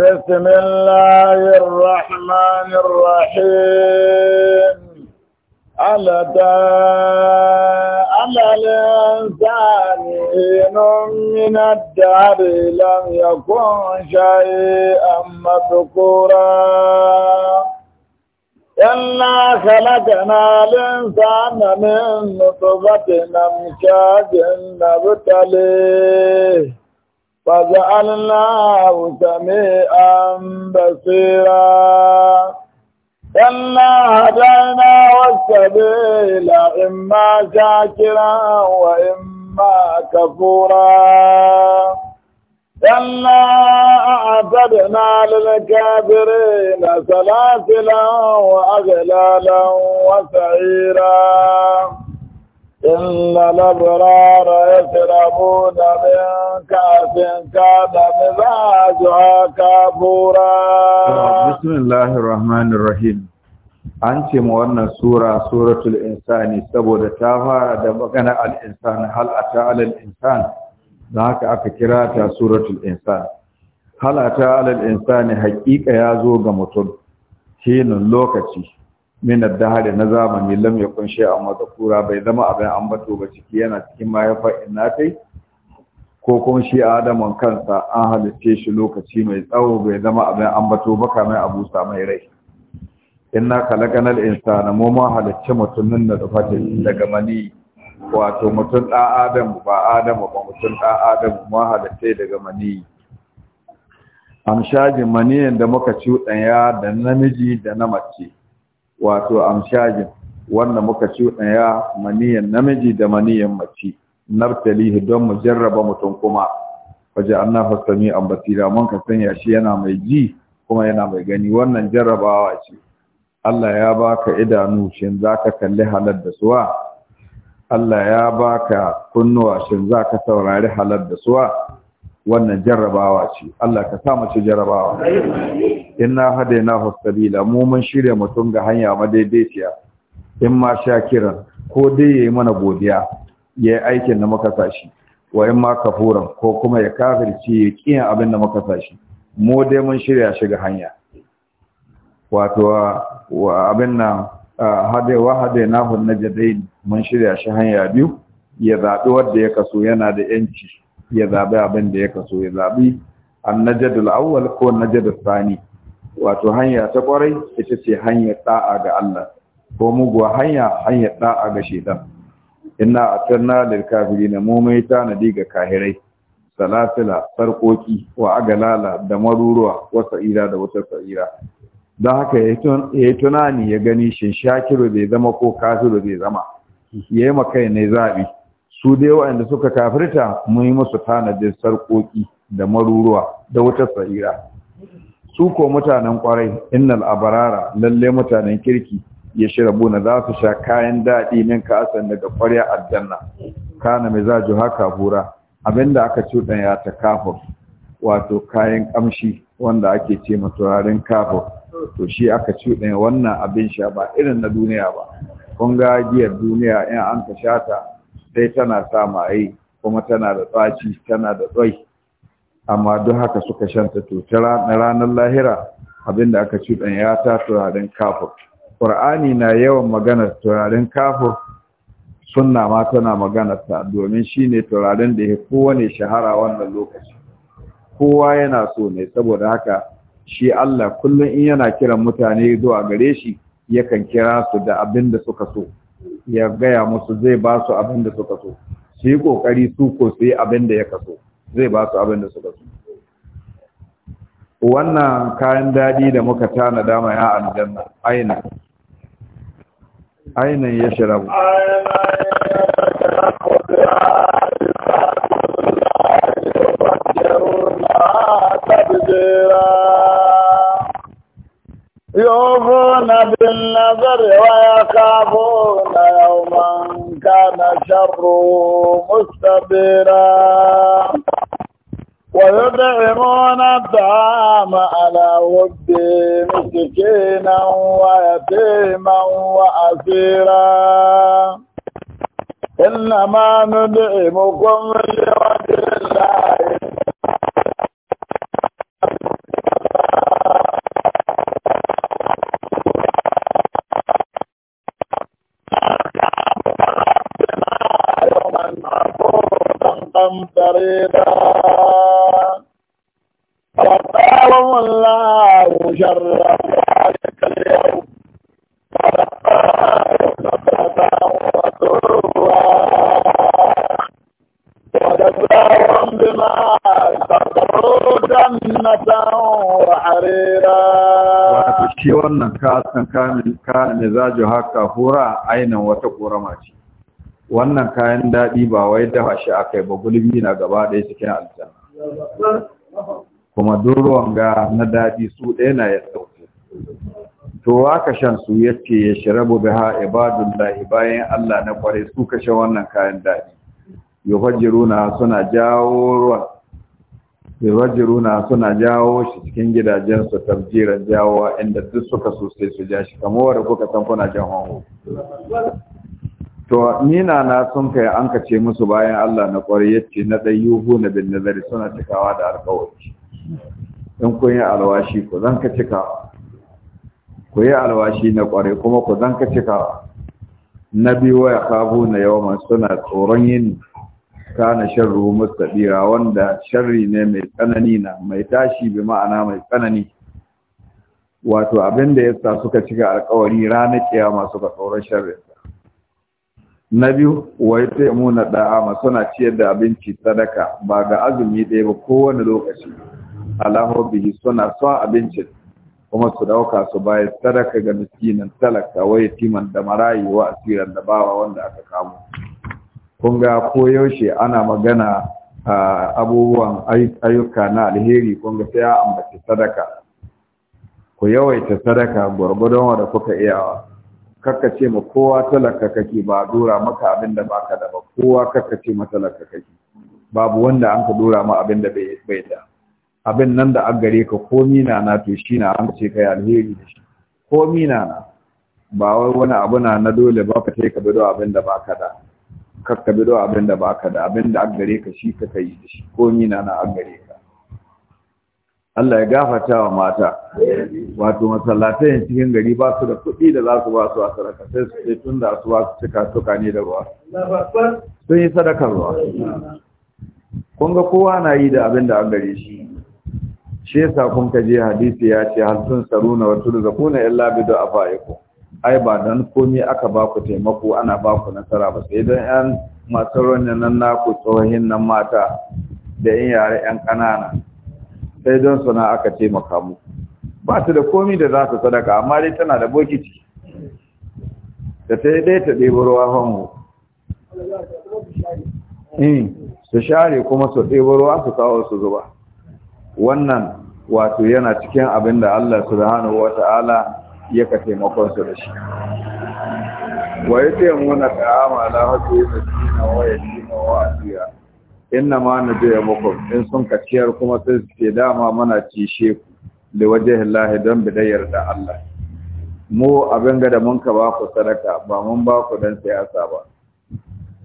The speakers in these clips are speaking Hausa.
بسم الله الرحمن الرحيم ألا على الإنسان إن من الدهر لم يكن شيئا مذكورا إلا خلقنا الإنسان من نطفة نمشاج نبتليه فجعلناه سميعا بصيرا كلا هدينا السبيل إما شاكرا وإما كفورا كلا أعتدنا للكافرين سلاسلا وأغلالا وسعيرا إن الأبرار يشربون من كأس كان مزاجها كافورا بسم الله الرحمن الرحيم an ce ma wannan sura suratul insani saboda ta fara da magana al insani hal ata alal insan da haka aka kira ta suratul insani hal ata alal insani haƙiƙa ya zo ga mutum shinin lokaci min ad-dahr na zamani lam kunshi a madhkura bai zama abin ambato ba ciki yana cikin mayafa tai ko kuma shi adamun kansa an halitte shi lokaci mai tsawo bai zama abin ambato ba kamar abu mai rai inna khalaqanal insana mu ma halicce mutumin da fatin daga mani wato mutum ɗan adam ba adamu ba mutum ɗan adam ma halitta daga mani amshajin maniyin da muka cuɗanya da namiji da na mace wato amshajin wanda muka cuɗanya maniyan namiji da maniyan mace nartali don mu jarraba mutum kuma waje an na fasami an basira mun ka sanya shi yana mai ji kuma yana mai gani wannan jarrabawa ce Allah ya baka idanu shin zaka kalli halar da suwa Allah ya baka kunnuwa shin zaka saurari halar da suwa wannan jarrabawa ce Allah ka sa mu ci jarrabawa inna hadainahu sabila mu mun shirya mutum ga hanya madaidaiciya in ma kiran ko dai yayi mana godiya yayi aikin da muka wa in ma kafuran ko kuma ya kafirci ya kiyan abin da muka mu dai mun shirya shi ga hanya wato wa abin nan hade wa hade na hun najadain mun shirya shi hanya biyu ya zabi wanda ya kaso yana da yanci ya zabi abin da ya kaso ya zabi annajadul awwal ko najadul thani wato hanya ta kwarai ita ce hanyar da'a ga Allah ko muguwa hanya hanyar da'a ga shaitan inna atanna lil kafirina mu mai tanadi ga kahirai salasila sarƙoƙi, wa agalala da maruruwa wata ira da wata sa'ira don haka ya yi tunani ya gani shin shakiru zai zama ko kafiru zai zama ya yi makai ne zaɓi su dai waɗanda suka kafirta mun yi musu tanadin sarƙoƙi da maruruwa da wata sa'ira su ko mutanen kwarai innal abarara lalle mutanen kirki ya shirabu na za su sha kayan daɗi min asan daga kwarya aljanna kana mai ji haka bura abinda aka ya ta kafur wato kayan kamshi wanda ake ce turaren kafur to shi aka cuɗanya wannan abin sha ba irin na duniya ba kun giyar duniya in an ka ta sai tana sa ma'ai kuma tana da tsaci tana da tsai amma duk haka suka shanta to na ranar lahira abinda aka ci ya ta turaren kafur ƙur'ani na yawan magana turaren kafur sunna ma tana maganarta domin shi ne turaren da ya kowane shahara wannan lokaci kowa yana so ne saboda haka shi Allah kullum in yana kiran mutane zuwa gare shi yakan kira su da abin da suka so ya gaya musu zai ba su abin da suka so su yi ƙoƙari su ko su yi abin da ya kaso zai ba su abin da suka so wannan kayan daɗi da muka tanada ma ya aljanna aina aina ya shirabu يوفون بالنذر ويخافون يوما كان شره مستبرا ويطعمون الطعام على وده مسكينا ويتيما وأسيرا إنما ندعمكم لوجه الله قمطريبا الله شر haka hura ainihin wata ƙorama ce wannan kayan daɗi ba wai dafa shi aka yi ba gulbi na gaba ɗaya cikin aljanna kuma duk ruwan ga na daɗi su ɗaya na ya sauke to aka shan su yake ya shirabu biha Lahi bayan Allah na kware su kashe wannan kayan daɗi yuhajiruna suna jawo suna jawo shi cikin gidajen su tabjiran jawo inda duk suka so su ja shi kamar wadda kuka san kuna jan hawo to nina na sun kai an kace musu bayan Allah na kware yace na ɗayyuhu yuhu na bin nazari suna cikawa da alkawarci. in kun yi alwashi ku zan ka cika ku yi alwashi na kware kuma ku zan ka cika na biyu ya kafu na suna tsoron yin kana sharru mustaɗira wanda sharri ne mai tsanani na mai tashi bi ma'ana mai tsanani wato abin da yasa suka cika alkawari ranar kiyama suka tsoron sharri na biyu wai ta muna da'ama suna ciyar da abinci sadaka ba ga azumi ɗaya ba kowane lokaci ala suna son abincin kuma su dauka su bayar sadaka ga miskinin talaka wai timan da marayi wa asiran da bawa wanda aka kamo kun ga ko yaushe ana magana abubuwan ayyuka na alheri kun ga sai ya ambaci sadaka ku yawaita sadaka gwargwadon wanda kuka iyawa kaka ce ma kowa talaka kake ba dora maka abin da baka da ba kowa kaka ce ma talaka kake babu wanda an ka dora ma abin da bai da abin nan da gare ka komi na na to shi na an ce kai alheri da shi komi na na ba wai wani abu na na dole ba ka ka bido abin da ba ka da kar ka bido abin da ba ka da abin da gare ka shi ka kai da shi komi na na gare ka Allah ya gafarta wa mata wato masallatai cikin gari ba su da kuɗi da za su ba su a sadaka sai su ce tun da su ba su cika tuka ne da ruwa sun yi sadakar ruwa kun ga kowa na yi da abin da an gare shi shi yasa kun ka je hadisi ya ce hal tun saruna wa turzakuna illa bi du'afaikum ai ba dan komai aka ba ku taimako ana ba ku nasara ba sai dan yan masu nan nan ku tsohin nan mata da yan yare yan kanana sai don suna aka taimaka mu ba su da komai da za su sadaka amma dai tana da bokiti da ta yi dai ta ɗebo ruwa eh su share kuma su ɗebo ruwa su kawo su zuba wannan wato yana cikin abin da Allah subhanahu wa ta'ala ya ka taimakon su da shi wa ya ce muna ama la hasu yi wa ya ji inna ma na je muku in sun kaciyar kuma sun ce dama mana ci ku da waje lahi don bidayar da Allah mu abin ga da mun ka ba ku sadaka ba mun ba ku don siyasa ba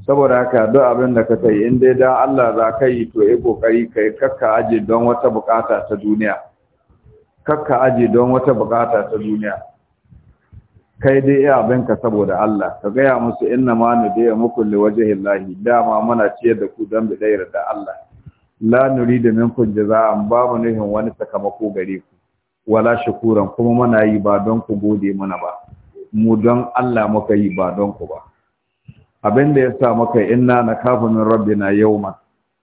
saboda haka duk abin da ka sai in dai da Allah za ka yi to yi kokari kai kakka aje don wata bukata ta duniya kakka aje don wata bukata ta duniya kai dai iya abin ka saboda Allah ka gaya musu inna ma manu da muku li wajhillahi dama muna ciyar da ku dan bi dayar da Allah la nuridu minkum jaza'an babu nuhin wani sakamako gare ku wala shukuran kuma muna yi ba don ku gode mana ba mu don Allah muka yi ba don ku ba abin da ya sa maka inna na kafa min rabbina yauma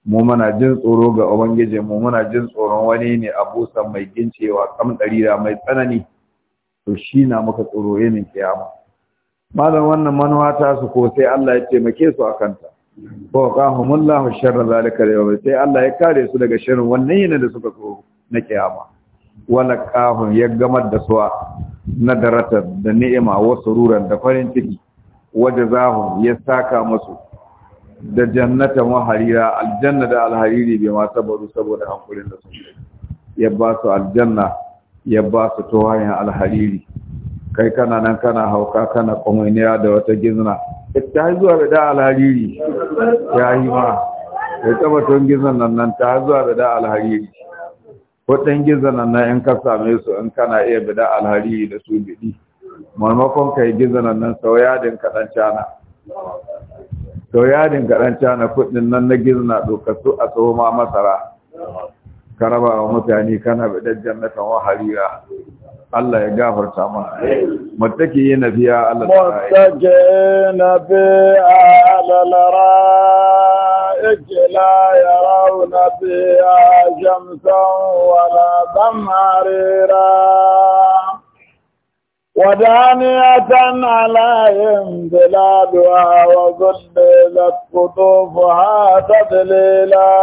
mu muna jin tsoro ga ubangiji mu muna jin tsoron wani ne abusan mai gincewa kam darira mai tsanani to shi na maka tsoro yanin kiyama malam wannan manuwa ta su ko sai Allah ya taimake su akan ta ko qahumullahu sharra zalika yawm sai Allah ya kare su daga sharrin wannan yana da suka tsoro na kiyama wala qahum ya gamar da suwa daratar da ni'ima wa sururan da farin ciki wadda zahun ya saka masu da jannatan waharira aljanna da alhariri bai ma sabaru saboda hankulin da sun ya ba su aljanna ya ba su tohayen alhariri kai kana nan kana hauka kana kwamaniya da wata gizna ta zuwa da da alhariri ya yi ma ya taba tun gizan nan nan ta zuwa da da alhariri waɗanda gizan nan in ka same su in kana iya bida alhariri da su biɗi maimakon ka yi gizanan nan sau yadin kaɗan cana sau yadin kaɗan cana kuɗin nan na gizana dokatu a ma masara ka raba wa mutane kana bidar jannatan waharira Allah ya gafarta mana yi na fiya Allah ta yi na fiya alalra ikila ya rauna fiya shamsan wala harira. ودانية عليهم ظلالها وظللت قطوفها تذليلا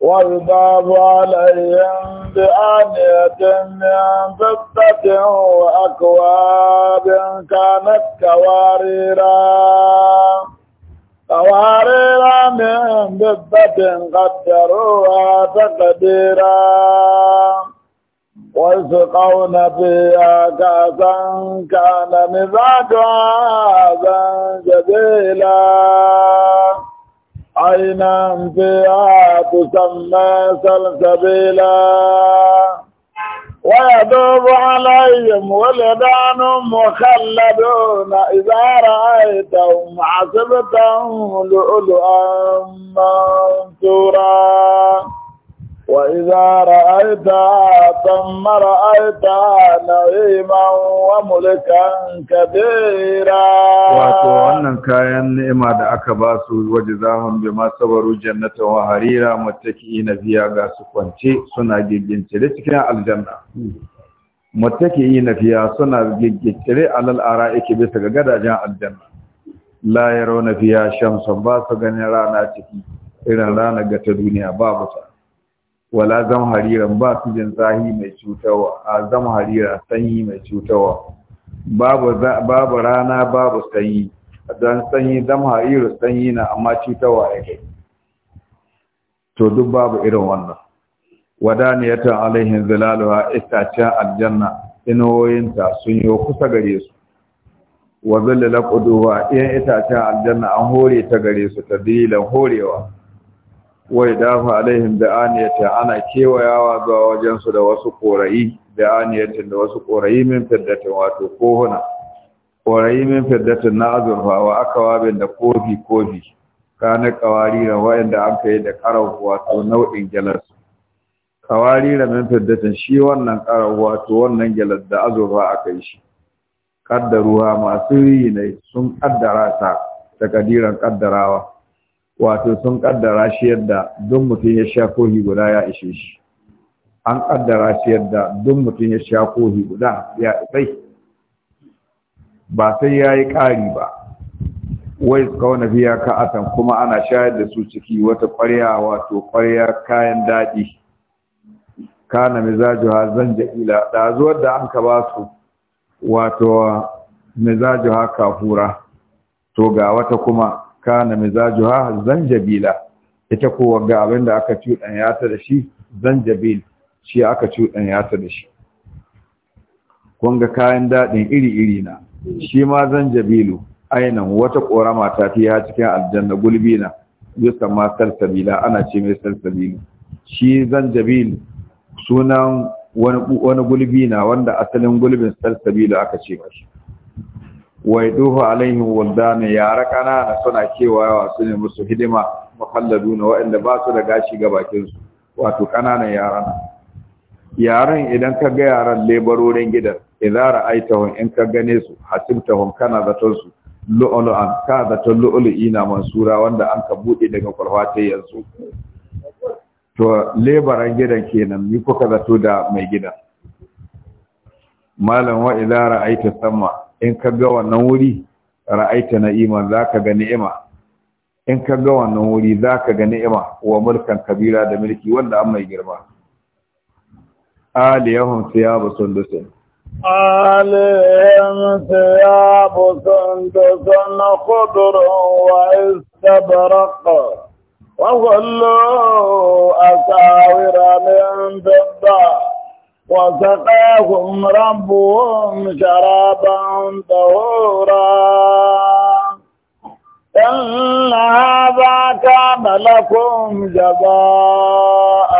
والباب عليهم بآنية من فضة وأكواب كانت كواريرا قوارير من فضة قدروها تقديرا ويسقون فيها كأسا كان مزاجها زنجبيلا عينا فيها تسمى سلسبيلا ويدوب عليهم ولدان مخلدون إذا رأيتهم حسبتهم لؤلؤا منثورا وإذا رأيتها ثم رأيتها نعيما وملكا كبيرا وأتوانا كاين نعمة دعك باسو وجزاهم بما صبروا جنة وحريرا متكئين فيها غاسو كونتي سنة جيجين تلتكنا الجنة متكئين فيها سنة جيجين تلي على الأرائك بسك غدا جاء الجنة لا يرون فيها شمس باسو غني رانا تكي إلى رانا غتا دنيا wala zam hariran ba su jin zahi mai cutarwa a zam harira sanyi mai cutarwa babu rana babu sanyi don sanyi zam hariru sanyi na amma cutarwa ya kai to duk babu irin wannan wadaniyatan alaihin zilaluha itacen aljanna inuwoyinta sun yi kusa gare su wa zallala quduha iyan itacen aljanna an hore ta gare su dalilan horewa wai dafa alaihim da aniyata ana kewayawa zuwa wajensu da wasu korayi da aniyatin da wasu korayi min fiddatin wato kohuna korayi min fiddatin na azurfa wa aka wabin da kofi kofi kana kawarira da an kai da karau wato nau'in gelas kawarira min fiddatin shi wannan karau wato wannan gelas da azurfa aka yi shi kaddaruwa masu yi ne sun kaddara ta takadiran kaddarawa wato sun kaddara shi yadda duk mutum ya sha kohi guda ya ishe shi an kaddara shi yadda duk mutum ya sha kohi guda ya isai ba sai ya yi ƙari ba wai kauna biya ka atan kuma ana shayar da su ciki wata ƙwarya wato ƙwarya kayan daɗi kana zan zanjaila da zuwa da an ka ba su wato ha kafura to ga wata kuma kana mizajuha zanjabila ita ko wanga abinda aka dan yata da shi zanjabil shi aka dan yata da shi kun kayan dadin iri-iri na shi ma zanjabilu ainan wata ƙorama ta fiya cikin aljanna gulbi na ma salsabila ana ce mai salsabilu shi zanjabil sunan wani gulbi na wanda asalin gulbin salsabilu aka ce mashi wai duhu alaihim ya yara kanana suna kewayawa su ne musu hidima mukhalladuna waɗanda ba su da gashi ga bakin su wato kananan yaran yaran idan ka ga yaran lebarorin gidan idza ra'aitahum in ka gane su hasibtahum kana zaton su an ka zaton ina mansura wanda an ka bude daga kwalwata yanzu to lebaran gidan kenan ni kuka zato da mai gidan malam wa idza ra'aita samma in ka ga wannan wuri ra'aita na'ima zaka ga ni'ima in ka ga wannan wuri zaka ga ni'ima wa mulkan kabira da mulki wanda an mai girma aliyahum siyabu sundusin عليهم baraka, wa خضر a وظلوا أساور من dabba وسقاهم ربهم شرابا طهورا إن هذا كان لكم جزاء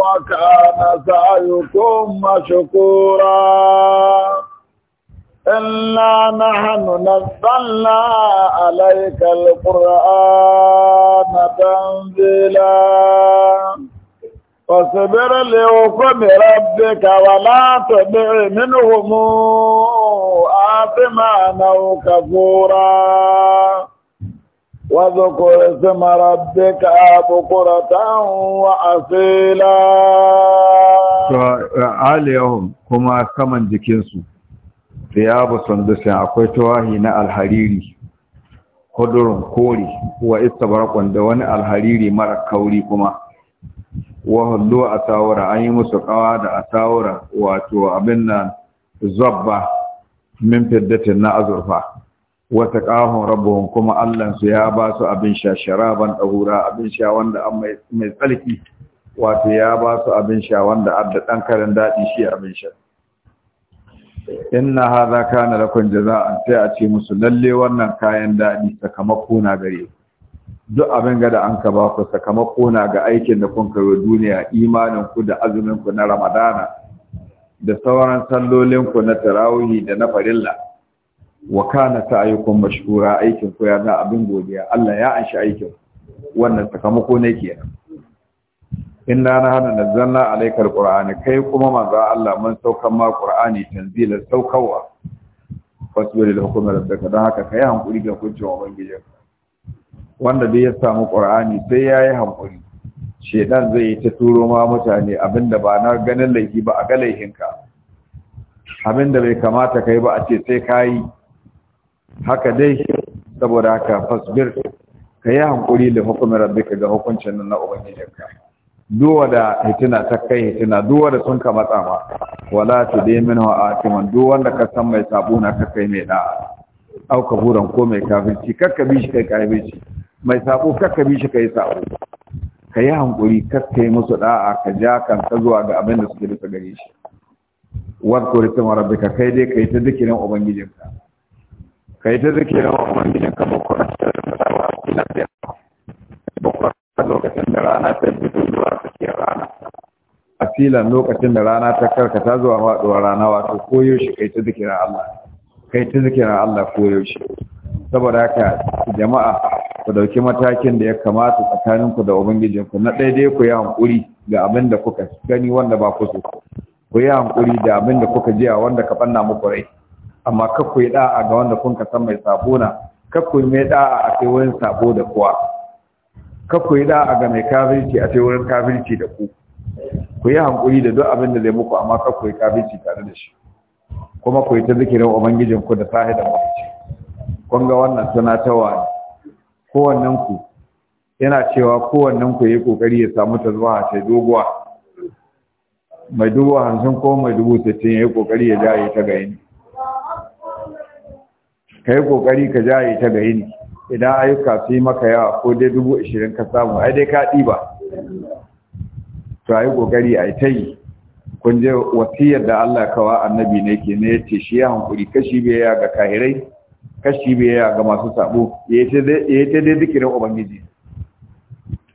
وكان سعيكم مشكورا إنا نحن نزلنا عليك القرآن تنزيلا فاصبر لحكم ربك ولا تطع منهم آثما أو كفورا واذكر اسم ربك بكرة وأصيلا عليهم كما كمن جكنسو في أبو akwai tawahi na الحريري kudurin كوري wa istabarakon da wani alhariri mara kauri wa hudu a tawura an yi musu kawa da a tawura wato abin nan zabba min fiddatin na azurfa wata kahun rabuhun kuma allansu ya ba su abin sha sharaban ɗahura abin sha wanda an mai tsalki wato ya ba su abin sha wanda adda ɗan karin daɗi shi abin sha inna haza kana lakum jaza'an sai a ce musu lalle wannan kayan daɗi sakamako na gare ku duk abin gada an ka ba ku sakamako na ga aikin da kun karo duniya imanin ku da azumin ku na ramadana da sauran sallolin ku na tarawihi da na farilla wa kana ayyukan mashkura aikin ku ya ga abin godiya Allah ya anshi aikin wannan sakamako ne ke inna hana nazzalna alaykal qur'ani kai kuma manzo Allah mun saukan ma qur'ani tanzila saukawa fasbir lil hukmi rabbika dan haka kai hankuri ga kuncin ubangijinka wanda dai ya samu qur'ani sai ya yi hankuri shedan zai yi ta turo ma mutane abinda ba na ganin laifi ba a ga laifinka abinda bai kamata kai ba a ce sai ka yi, haka dai saboda haka fasbir ka yi hankuri da hukumin ka ga hukuncin nan na ubangijinka duwa da hitina ta kai hitina duwa da sun ka matsa ma wala ta dai min wa atiman duk wanda ka san mai sabuna ka kai mai da'a au ka buran ko mai ci kakka bi shi kai kafirci mai sabo kakka bi shi ka yi sabo ka yi hankuri kakka yi musu da'a ka ja ka zuwa ga abin da suke da gare shi wadkur isma ka kai dai ka yi ta zikirin ubangijinka yi ta zikirin ubangijinka ba ku rasa da a cikin lafiya ba ku rasa lokacin da rana ta fito zuwa tsakiyar rana asilan lokacin da rana ta karkata zuwa faduwar rana wato koyo shi kai ta zikirin Allah kai ta zikirin Allah koyo shi saboda haka jama'a ku dauki matakin da ya kamata tsakaninku da ku na daidai ku yi hankuri ga abin da kuka gani wanda ba ku so ku yi hankuri da abin da kuka jiya wanda ka banna muku rai amma kar ku yi da'a ga wanda kun ka san mai sabo na kar ku yi mai da'a a kai wurin sabo da kuwa kar ku yi da'a ga mai kafirci a kai wurin kafirci da ku ku yi hankuri da duk abin da zai muku amma kar ku yi kafirci tare da shi kuma ku yi ta zikirin ku da sahi da mace kun ga wannan suna ta wani kowannen ku yana cewa kowannen ku yayi kokari ya samu zuwa ta doguwa mai dubu hamsin ko mai dubu sittin yayi kokari ya jaye ta ga yini kai kokari ka jaye ta ga yini idan ayyuka su yi maka yawa ko dai dubu ashirin ka samu ai dai ka ɗiba to a yi ƙoƙari a yi ta yi kun je wasiyar da Allah kawa annabi ne ke ne ya ce shi ya hankuri kashi biya ga kahirai kashi biyayya ga masu sabo ya yi ta dai zikirin ubangiji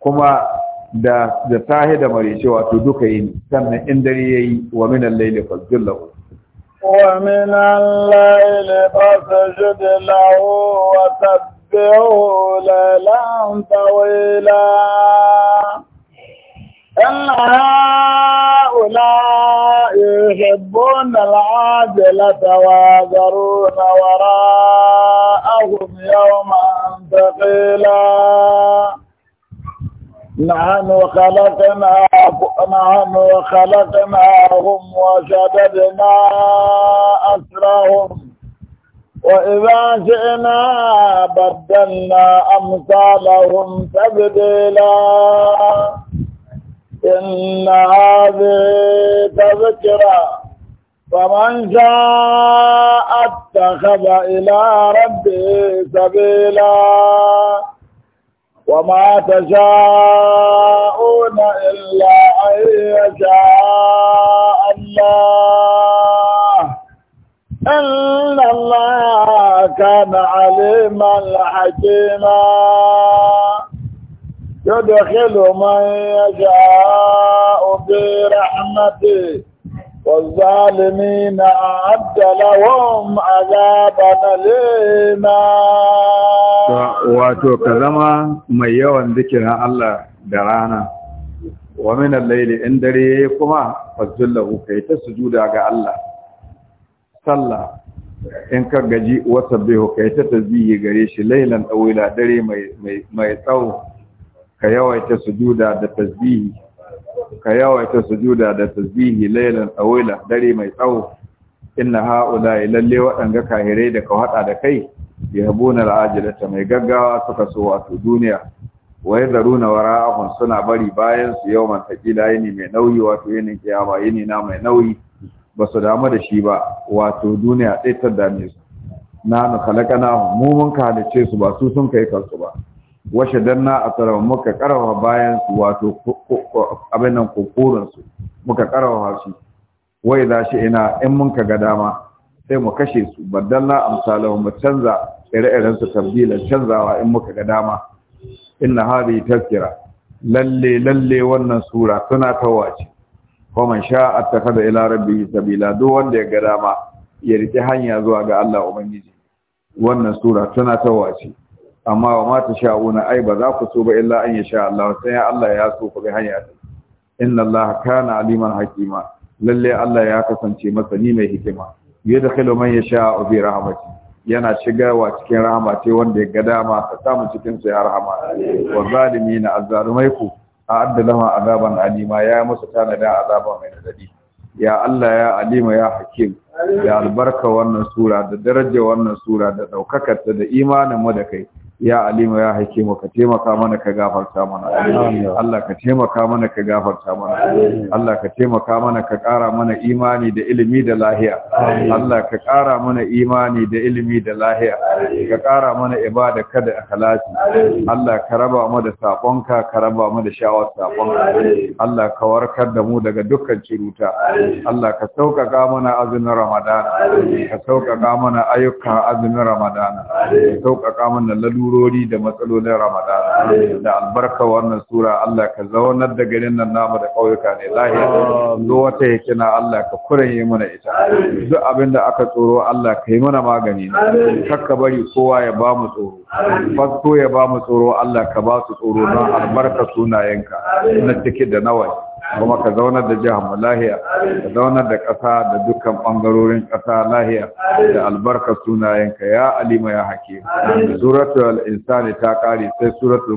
kuma da da sahi da mare cewa to duka yi sannan in dare yayi wa min al-layli fasjud wa min al-layli fasjud lahu wa sabbihu laylan tawila Allah هؤلاء يحبون العاجلة ويذرون وراءهم يوما ثقيلا نحن وخلقنا نحن وخلقناهم وشددنا أسرهم وإذا شئنا بدلنا أمثالهم تبديلا إن هذه تذكرة فمن شاء اتخذ إلى ربه سبيلا وما تشاءون إلا أن يشاء الله إن الله كان عليما حكيما يدخل من يشاء في رحمته والظالمين أعد لهم عذابا أليما wato ka zama mai yawan zikirin Allah da rana wa min al-layli in dare yayi kuma fazillahu kai ta ga Allah sallah in ka gaji wata bihu kai ta tasbihi gare shi lailan tawila dare mai mai tsawo ka yawaita sujuda da tasbihi ka yawaita sujuda da tasbihi lailan tsawila dare mai tsawo inna haula lalle waɗanga kahirai da ka haɗa da kai yabuna al'ajilata mai gaggawa suka so wato duniya wa yadaruna wara'ahum suna bari bayan su yawman taqila yini mai nauyi wato yini kiyama yini na mai nauyi ba su damu da shi ba wato duniya ɗaya da dame su na kalakana mu mun kalice su ba su sun kai kansu ba washe danna a tsaron muka karawa bayan su wato abin nan kokorin su muka karawa su wai za shi ina in mun ga dama sai mu kashe su badalla amsalahu mu canza ire-iren su tabbilan canzawa in muka ga dama inna hadhihi tazkira lalle lalle wannan sura suna tawace kuma sha attakhadha ila rabbi sabila duk wanda ya ga dama ya rike hanya zuwa ga Allah ubangiji wannan sura tana wace. amma wa mata sha'una ai ba za ku so ba illa an yasha Allah sai Allah ya so ku bi hanya inna Allah kana aliman hakima lalle Allah ya kasance masani mai hikima yadkhilu man yasha bi rahmati yana shigarwa cikin rahama ce wanda ya ga dama ka samu cikin sa ya rahama wa zalimina azzalumai ku a'adda azaban alima ya musu tanada azaba mai dadi ya Allah ya alima ya hakim ya albarka wannan sura da daraja wannan sura da daukakar ta da imanin mu da kai ya alimu ya hakimu ka taimaka mana ka gafarta mana Allah ka taimaka mana ka gafarta mana Allah ka taimaka mana ka ƙara mana imani da ilimi da lahiya Allah ka ƙara mana imani da ilimi da lahiya ka ƙara mana ibada kada akhlasi Allah ka raba mu da sabonka ka raba mu da shawar sabonka Allah ka warkar da mu daga dukkan ciruta Allah ka sauƙaƙa mana azumin Ramadan ka sauƙaƙa mana ayyukan azumin Ramadan ka sauƙaƙa mana lalu surori da matsalolin ramadana da albarka wannan sura Allah ka zaunar da garin nan namu da ƙauyuka ne lahiya duk wata yake na Allah ka kuranye mana ita duk abin da aka tsoro Allah ka yi mana magani kakka bari kowa ya ba mu tsoro fasko ya ba mu tsoro Allah ka ba su tsoro don albarka sunayenka na ciki da nawa kuma ka zaunar da jihar mu lahiya ka zaunar da ƙasa da dukkan ɓangarorin ƙasa lahiya da albarka sunayenka ya alima ya hakim suratul insani ta ƙare sai suratul